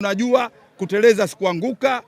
najua kuteleza sikuanguka.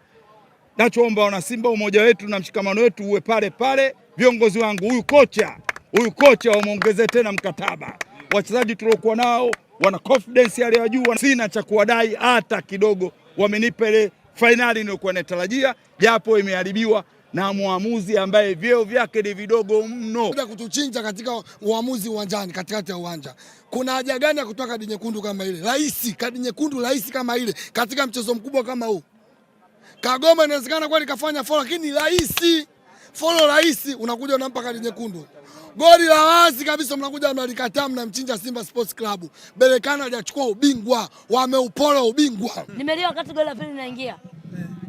Nachoomba wana Simba, umoja wetu na mshikamano wetu uwe pale pale. Viongozi wangu, huyu kocha huyu kocha wamwongezee tena mkataba. Wachezaji tuliokuwa nao wana confidence yale ya juu, sina cha kuwadai hata kidogo. Wamenipa ile fainali niliyokuwa natarajia, japo imeharibiwa na mwamuzi ambaye vyeo vyake ni vidogo mno, Kuja kutuchinja katika uamuzi uwanjani, katikati ya uwanja. Kuna haja gani ya kutoa kadi nyekundu kama ile rahisi? Kadi nyekundu rahisi kama ile katika mchezo mkubwa kama huu? Kagoma inawezekana kwani kafanya foul, lakini rahisi folo rahisi, unakuja unampa kadi nyekundu. Goli la wazi kabisa, mnakuja mnalikataa, mnamchinja Simba Sports Club. Belekana hajachukua ubingwa, wameupola ubingwa. Nimelia wakati goli la pili linaingia.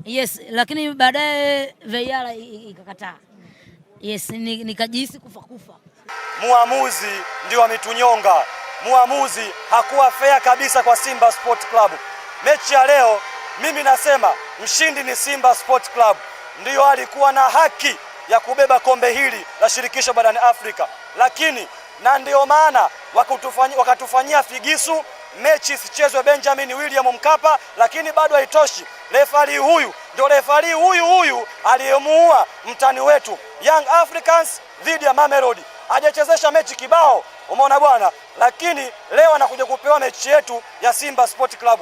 Yes, lakini baadaye VAR ikakataa. Yes, nikajihisi kufa kufa. Muamuzi ndio ametunyonga. Muamuzi hakuwa fair kabisa kwa Simba Sport Club. Mechi ya leo mimi nasema mshindi ni Simba Sport Club, ndiyo alikuwa na haki ya kubeba kombe hili la shirikisho barani Afrika, lakini na ndiyo maana wakatufanyia figisu mechi isichezwe Benjamin William Mkapa, lakini bado haitoshi. Refari huyu ndio refari huyu huyu aliyemuua mtani wetu Young Africans dhidi ya Mamelodi, hajachezesha mechi kibao, umeona bwana, lakini leo anakuja kupewa mechi yetu ya Simba Sport Club.